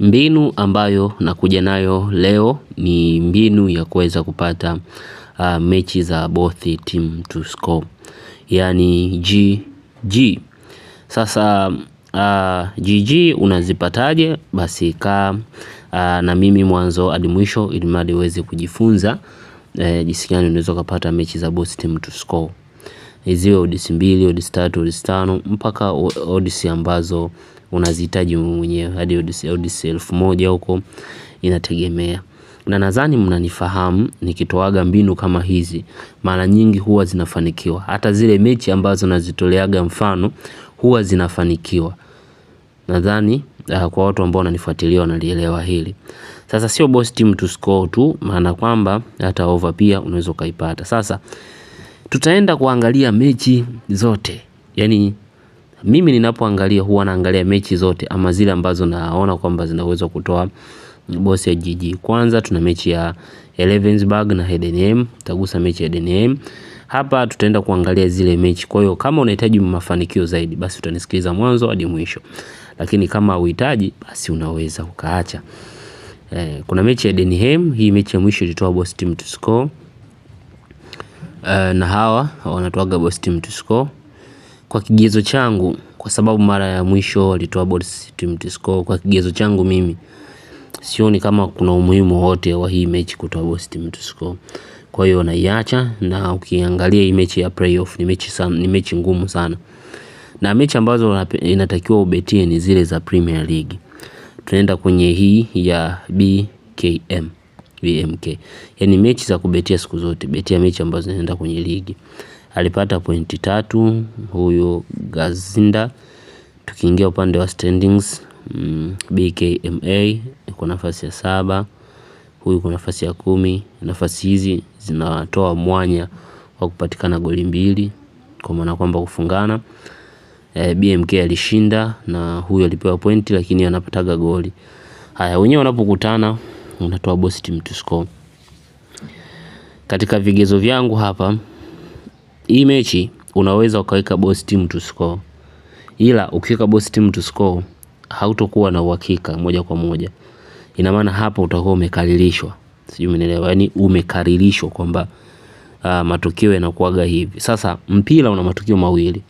Mbinu ambayo nakuja nayo leo ni mbinu ya kuweza kupata uh, mechi za both team to score, yani GG. Sasa uh, GG unazipataje? Basi kaa uh, na mimi mwanzo hadi mwisho, ili mradi uweze kujifunza eh, jinsi gani unaweza kupata mechi za both team to score ziwe odds mbili, odds tatu, odds tano mpaka odds ambazo unazihitaji mwenyewe hadi odisi elfu moja huko inategemea na nadhani mnanifahamu nikitoaga mbinu kama hizi mara nyingi huwa zinafanikiwa. Hata zile mechi ambazo nazitoleaga mfano huwa zinafanikiwa. Nadhani ah, kwa watu ambao wananifuatilia wanalielewa hili. Sasa sio boss team to score tu, maana kwamba hata over pia unaweza ukaipata. Sasa tutaenda kuangalia mechi zote, yani mimi ninapoangalia huwa naangalia mechi zote ama zile ambazo naona kwamba zinaweza kutoa bosi ya jiji. Kwanza tuna mechi ya Elevensburg na Hedenheim, tutagusa mechi ya Hedenheim. Hapa tutaenda kuangalia zile mechi. Kwa hiyo kama unahitaji mafanikio zaidi, basi utanisikiliza mwanzo hadi mwisho, lakini kama uhitaji, basi unaweza ukaacha. Eh, kuna mechi ya Hedenheim, hii mechi ya mwisho ilitoa boss team to score. Uh, na hawa wanatoaga boss team to score kwa kigezo changu, kwa sababu mara ya mwisho walitoa body stimulated tisco. Kwa kigezo changu mimi sioni kama kuna umuhimu wote wa hii mechi kutoa body stimulated tisco, kwa hiyo naiacha. Na ukiangalia hii mechi ya playoff ni mechi sana, ni mechi ngumu sana, na mechi ambazo inatakiwa ubetie ni zile za Premier League. Tunaenda kwenye hii ya BKM BMK, yani mechi za kubetia siku zote, betia mechi ambazo zinaenda kwenye ligi alipata pointi tatu huyo Gazinda. Tukiingia upande wa standings mm, BKMA kwa nafasi ya saba, huyu kwa nafasi ya kumi. Nafasi hizi zinatoa mwanya wa kupatikana goli mbili kwa maana kwamba kufungana. E, eh, BMK alishinda na huyu alipewa pointi, lakini anapataga goli. Haya, wenyewe wanapokutana unatoa boss team to score. Katika vigezo vyangu hapa hii mechi unaweza ukaweka boss team to score, ila ukiweka boss team to score hautokuwa na uhakika moja kwa moja. Ina maana hapo utakuwa umekaririshwa, sijui umeelewa? Yani umekaririshwa kwamba uh, matukio yanakuaga hivi. Sasa mpira una matukio mawili,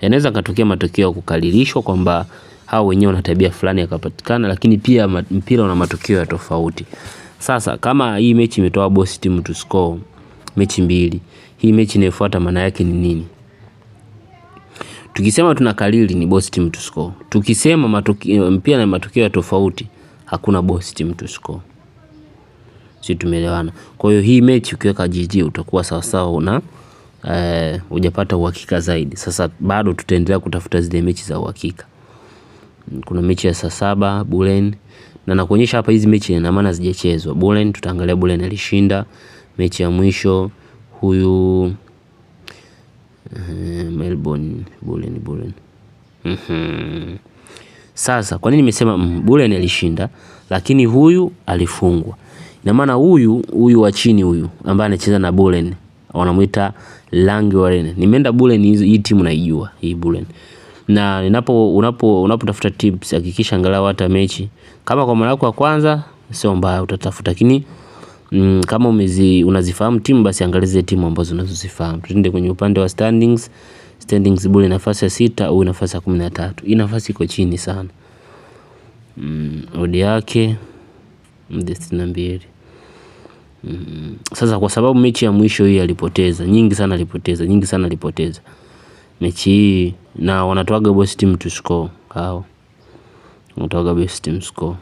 yanaweza katokea matukio ya kukaririshwa kwamba hao wenyewe wana tabia fulani yakapatikana, lakini pia mpira una matukio ya tofauti. Sasa kama hii mechi imetoa boss team to score mechi mbili. Hii mechi inayofuata maana yake ni nini? Tukisema tuna kalili ni boss team to score. Tukisema matokeo mpira na matokeo ya tofauti hakuna boss team to score. Si tumeelewana? Kwa hiyo hii mechi ukiweka GG utakuwa sawa sawa una eh, hujapata uhakika zaidi. Sasa bado tutaendelea kutafuta zile mechi za uhakika. Kuna mechi ya saa saba Bulen na nakuonyesha hapa hizi mechi na maana zijachezwa. Bulen tutaangalia Bulen alishinda mechi ya mwisho huyu eh, Melbourne Bullen Bullen. Mhm. Sasa kwa nini nimesema mm, Bullen alishinda lakini huyu alifungwa? Ina maana huyu huyu wa chini huyu ambaye anacheza na Bullen wanamuita Langwaren. Nimeenda Bullen, hizo hii timu naijua hii Bullen. Na ninapo unapo unapotafuta tips hakikisha angalau hata mechi kama kwa mara yako ya kwanza sio mbaya utatafuta lakini mm, kama umezi, unazifahamu timu basi angalize timu ambazo unazozifahamu. Tuende kwenye upande wa standings. Standings bure nafasi ya sita au nafasi ya kumi na tatu. Hii nafasi iko chini sana mm, odi yake mm, sitini na mbili. Mm, sasa kwa sababu mechi ya mwisho hii alipoteza nyingi sana, alipoteza nyingi sana, alipoteza mechi hii, na wanatoaga best team to score hao, wanatoaga best team score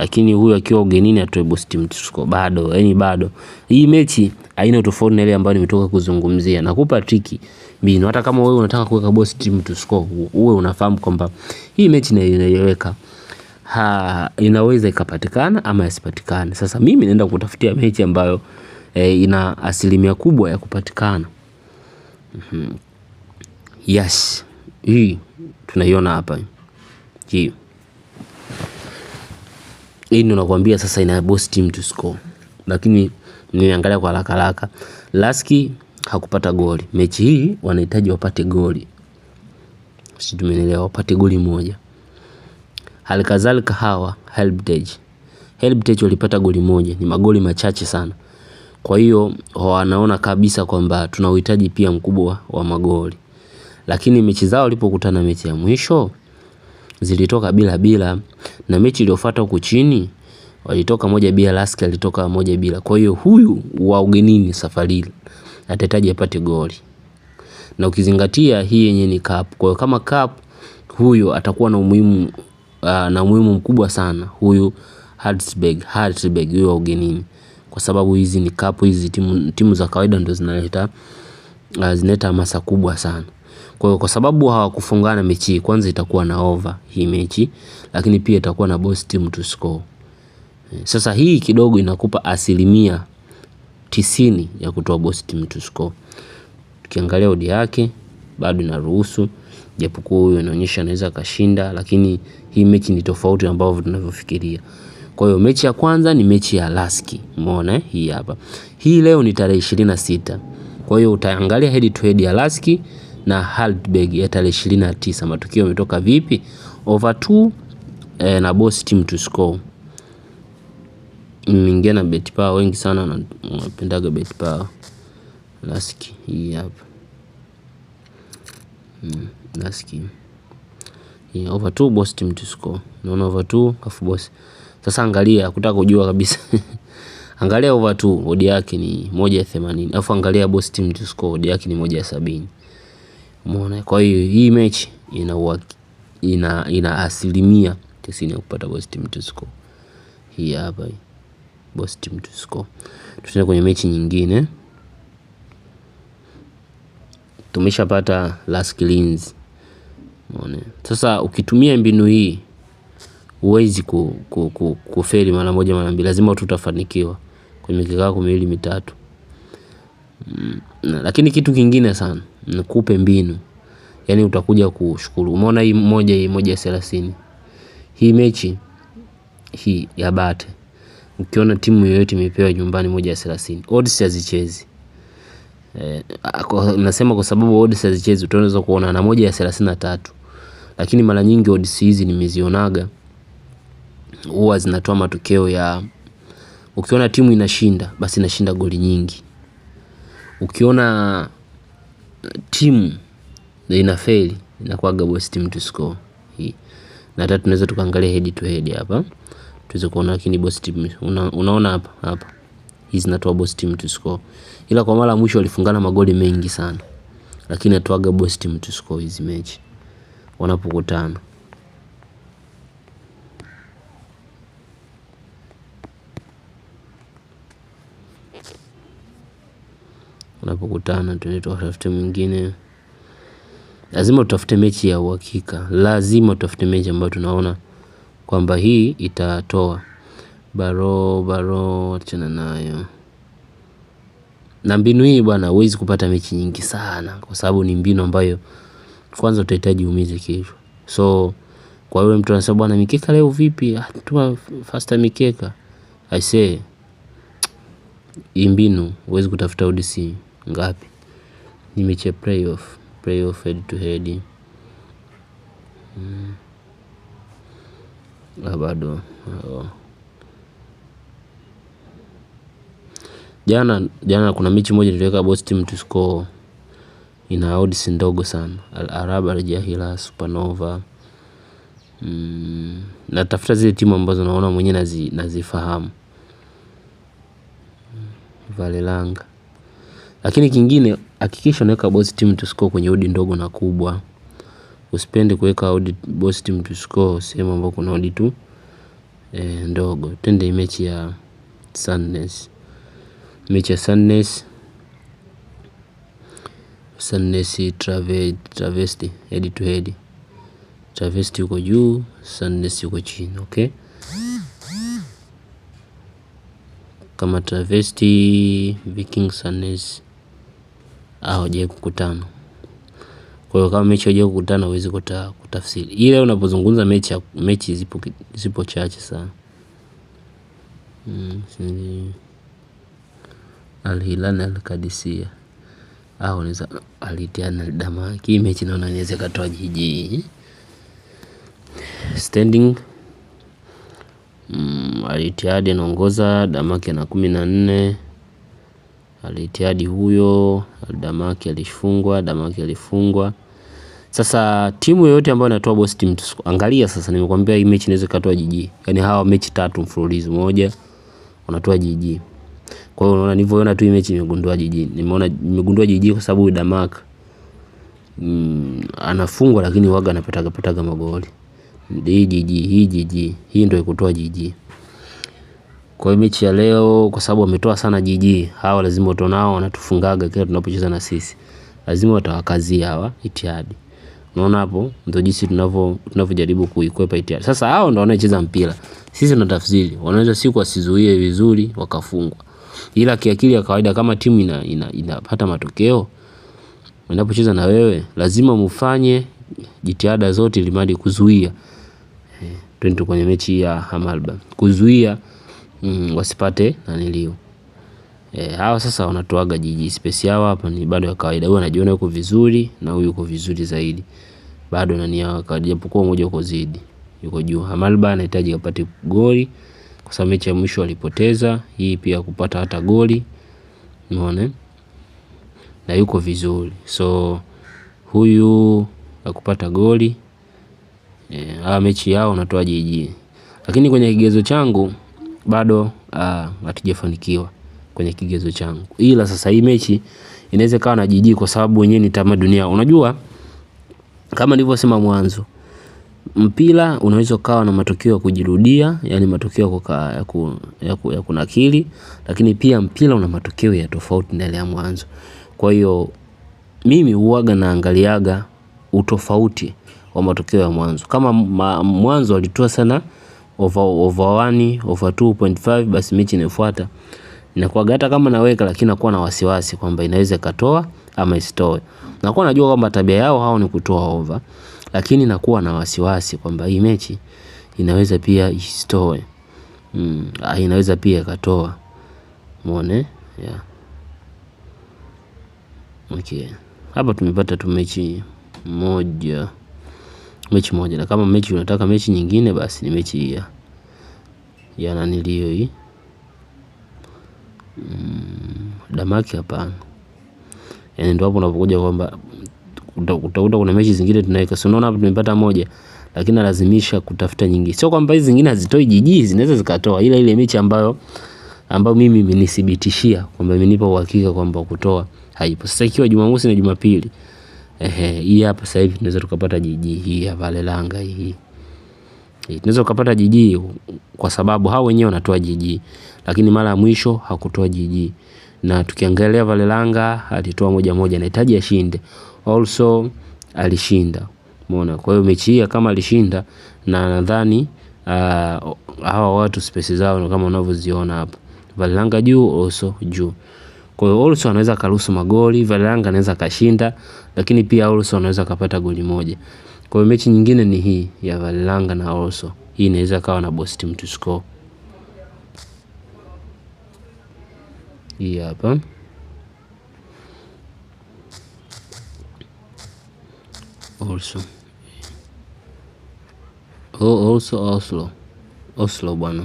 lakini huyu akiwa ugenini atoe boost mtusuko bado, yani bado. Hii mechi aina tofauti na ile ambayo nimetoka kuzungumzia. Nakupa triki mbinu, hata kama wewe unataka kuweka boost mtusuko, uwe unafahamu kwamba hii mechi naiweka ha, inaweza ikapatikana ama isipatikane. Sasa mimi naenda kutafutia mechi ambayo e, ina asilimia kubwa ya kupatikana. mm -hmm. Yes, hii tunaiona hapa hii hii yaani ndio nakwambia sasa ina boost team to score, lakini niangalia kwa haraka haraka, Laski hakupata goli mechi hii, wanahitaji wapate goli, sisi tumeelewa, wapate goli moja. Halikadhalika hawa Helbridge, Helbridge walipata goli moja, ni magoli machache sana. Kwa hiyo wanaona kabisa kwamba tuna uhitaji pia mkubwa wa magoli, lakini mechi zao walipokutana mechi ya mwisho zilitoka bila bila na mechi iliyofuata huku chini walitoka moja bila, Laski alitoka moja bila. Kwa hiyo huyu wa ugenini safari hii atahitaji apate goli, na ukizingatia hii yenye ni cup. Kwa hiyo kama cup, huyu atakuwa na umuhimu ah, na umuhimu mkubwa sana huyu Hartsberg, Hartsberg huyu wa ugenini, kwa sababu hizi ni cup, hizi timu, timu za kawaida ndo zinaleta ah, zinaleta hamasa kubwa sana. Kwa hiyo kwa sababu hawakufungana mechi hii, kwanza itakuwa na over hii mechi, lakini pia itakuwa na both team to score. Eh, sasa hii kidogo inakupa asilimia tisini ya kutoa both team to score. Tukiangalia odi yake bado inaruhusu, japokuwa huyo anaonyesha anaweza kashinda, lakini hii mechi ni tofauti ambavyo tunavyofikiria. Kwa hiyo mechi ya kwanza ni mechi ya Laski, umeona hii hapa. Hii leo ni tarehe ishirini na sita. Kwa hiyo utaangalia head to head ya Laski na Halberg ya tarehe 29. Matukio yametoka vipi? Over 2 eh, na boss team to score. Nimeingia na bet power, wengi sana wanapendaga bet power. Laski hii hapa. Mm, laski. Yeah, over 2 boss team to score. Naona over 2 kafu boss. Sasa angalia, kutaka kujua kabisa. Angalia over 2 odi yake ni 1.80. ya afu angalia boss team to score odi yake ni moja Umeona, kwa hiyo hii mechi ina, ina, ina asilimia tisini ya kupata best team to score. Hii hapa hii best team to score. Tutaenda kwenye mechi nyingine. Tumeshapata last cleans. Umeona, sasa ukitumia mbinu hii huwezi ku, ku, ku, kufeli mara moja mara mbili, lazima utafanikiwa kwenye mikakati miwili mitatu mm. Lakini kitu kingine sana nikupe mbinu, yani utakuja kushukuru. Umeona hii moja, hii moja thelathini, hii mechi hii ya bate, ukiona timu yoyote imepewa nyumbani moja ya thelathini, odds hazichezi. Eh, nasema kwa sababu odds hazichezi, utaweza kuona na moja ya thelathini na tatu, lakini mara nyingi odds hizi nimezionaga huwa zinatoa matokeo ya ukiona timu inashinda basi inashinda goli nyingi ukiona uh, timu inafeli inakuwaga best team to score hii. Na hata tunaweza tukaangalia head to head hapa tuweze kuona, lakini boss team una, unaona hapa hapa hizi zinatoa boss team to score, ila kwa mara mwisho walifungana magoli mengi sana, lakini atoaga best team to score hizi mechi wanapokutana. tunapokutana tuende tutafute mwingine. Lazima tutafute mechi ya uhakika, lazima tutafute mechi ambayo tunaona kwamba hii itatoa. baro baro, achana nayo. Na mbinu hii bwana huwezi kupata mechi nyingi sana kwa sababu ni mbinu ambayo kwanza utahitaji umize kichwa. So kwa hiyo mtu anasema bwana mikeka leo vipi? Ah, tuma faster mikeka. I say hii mbinu huwezi kutafuta udisi ngapi ni mechi ya playoff playoff head to head hmm. ah, bado oh. jana jana kuna mechi moja niliweka boss team to score ina odds ndogo sana Al Arab Al Jahila Supernova mm, natafuta zile timu ambazo naona mwenyewe nazifahamu Valelanga lakini kingine hakikisha unaweka boss team to score kwenye odi ndogo na kubwa. Usipende kuweka odi boss team to score sehemu ambayo kuna odi tu e, ndogo. Twende mechi ya Sunness. Mechi ya Sunness. Sunness trave, travesti head to head. Travesti yuko juu, Sunnes yuko chini, okay? Kama travesti Viking sunness hawajawahi kukutana. Kwa hiyo kama mechi hawajawahi kukutana huwezi kuta, kutafsiri. Ile unapozungumza mechi mechi zipo zipo chache sana. Mm, Al Hilal na Al au unaweza Al Ittihad na Al Damak. Hii mechi naona niweze katoa jiji. Standing mm, Al Ittihad anaongoza, Damak kumi na nne al huyo, damaki alifungwa, damaki alifungwa. Sasa timu yoyote ambayo inatoa boss team, angalia sasa, nimekwambia hii mechi inaweza ikatoa GG. yani hawa mechi tatu mfululizo moja wanatoa GG. Kwa hiyo unaona nilivyoona tu hii mechi nimegundua GG. Nimeona nimegundua GG kwa sababu Damak mm, anafungwa lakini waga anapata kapata magoli. Hii GG, hii GG, hii ndio ikutoa GG. Kwa hiyo mechi ya leo, kwa sababu wametoa sana jijii, hawa lazima utonao wanatufungaga kila tunapocheza na sisi, lazima watawakazia hawa Itihadi. Unaona hapo ndio jinsi tunavyo tunavyojaribu kuikwepa Itihadi. Sasa hao ndio wanaocheza mpira, sisi tuna tafsiri. wanaweza siku wasizuie vizuri wakafungwa, ila kiakili ya kawaida kama timu ina, ina, inapata matokeo unapocheza na wewe lazima mufanye jitihada zote ilimadi kuzuia e, twende kwenye mechi ya Hamalba kuzuia mm, wasipate naniliu e, hawa sasa wanatoaga jiji space. Hawa hapa ni bado ya kawaida, huyu anajiona yuko vizuri na huyu yuko vizuri zaidi, bado nani hawa kawaida, japokuwa mmoja uko zidi yuko juu. Hamalba anahitaji apate goli kwa sababu mechi ya mwisho alipoteza, hii pia kupata hata goli, umeona na yuko vizuri, so huyu akupata goli e, hawa mechi yao unatoa jiji, lakini kwenye kigezo changu bado ah, hatujafanikiwa kwenye kigezo changu, ila sasa hii mechi inaweza kawa na jiji kwa sababu wenyewe ni tamaduni yao. Unajua, kama nilivyosema mwanzo, mpira unaweza ukawa na matokeo ya kujirudia, yani matokeo ya kunakili, lakini pia mpira una matokeo ya tofauti na ile ya mwanzo. Kwa hiyo mimi huwaga naangaliaga utofauti wa matokeo ya mwanzo. Kama mwanzo alitoa sana over, over 1 over 2.5, basi mechi inayofuata inakuwa hata kama naweka, lakini nakuwa na wasiwasi kwamba inaweza ikatoa ama isitoe. Nakuwa najua kwamba tabia yao hao ni kutoa over, lakini nakuwa na wasiwasi kwamba hii mechi inaweza pia isitoe. Mm, inaweza pia ikatoa. Muone yeah. Okay, hapa tumepata tu mechi moja mechi moja, na kama mechi unataka mechi nyingine, basi ni mechi ya ya hiyo hii mm, damaki hapana. Yani ndio hapo unapokuja kwamba utakuta kuna mechi zingine tunaweka, si unaona hapa tumepata moja, lakini nalazimisha kutafuta nyingine. Sio kwamba hizi zingine hazitoi jiji, zinaweza zikatoa, ila ile mechi ambayo ambayo mimi imenithibitishia kwamba imenipa uhakika kwamba kutoa haipo. Sasa ikiwa Jumamosi na Jumapili Ehe, hii hapa sasa hivi tunaweza tukapata jiji hii hapa Lelanga hii. Eh, tunaweza ukapata jiji kwa sababu hao wenyewe wanatoa jiji, lakini mara ya mwisho hakutoa jiji, na tukiangalia Valelanga alitoa moja moja, anahitaji ashinde, also alishinda. Umeona, kwa hiyo mechi hii kama alishinda, na nadhani ah, hawa watu spesi zao kama unavyoziona hapa, Valelanga juu, also juu. Kwa hiyo also anaweza akaruhusu magoli, Varanga anaweza akashinda, lakini pia also anaweza akapata goli moja. Kwa hiyo mechi nyingine ni hii ya Varanga na also. Hii inaweza kawa na boost mtu score. Hii hapa. Also. Oh, also Oslo. Oslo bwana.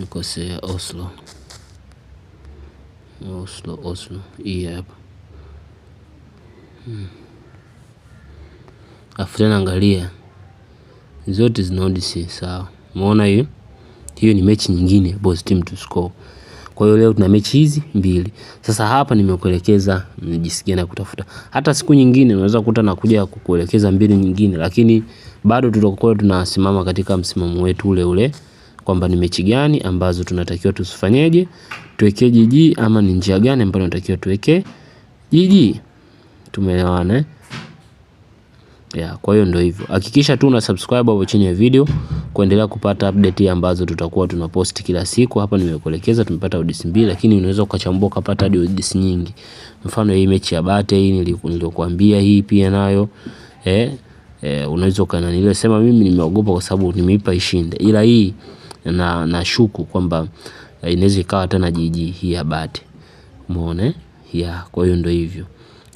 Nikosea Oslo. Oslo, Oslo. İyi hapa. E hmm. Afu tena angalia, zote zina odisi sawa. Umeona hiyo hiyo, ni mechi nyingine boss team to score. Kwa hiyo leo tuna mechi hizi mbili. Sasa hapa nimekuelekeza jinsi gani kutafuta. Hata siku nyingine unaweza kukuta na kuja kukuelekeza mbili nyingine, lakini bado tutakuwa tunasimama katika msimamo wetu ule ule kwamba ni mechi gani ambazo tunatakiwa tusifanyeje tuweke jiji ama ni njia gani ambayo natakiwa tuweke jiji. Tumeelewana eh? Yeah, kwa hiyo ndio hivyo. Hakikisha tu una subscribe hapo chini ya video kuendelea kupata update ambazo tutakuwa tunapost kila siku. Hapa nimekuelekeza tumepata odds mbili, lakini unaweza ukachambua ukapata hadi odds nyingi. Mfano hii mechi ya Bate hii niliyokuambia hii pia nayo eh, eh, unaweza ukana niliyosema mimi nimeogopa kwa sababu nimeipa ishinde, ila hii na, nashuku kwamba inaweza ikawa hata na jiji hii ya bati umeona yeah kwa hiyo ndio hivyo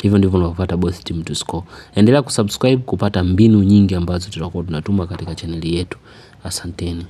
hivyo ndivyo unapopata both team to score endelea kusubscribe kupata mbinu nyingi ambazo tutakuwa tunatuma katika chaneli yetu asanteni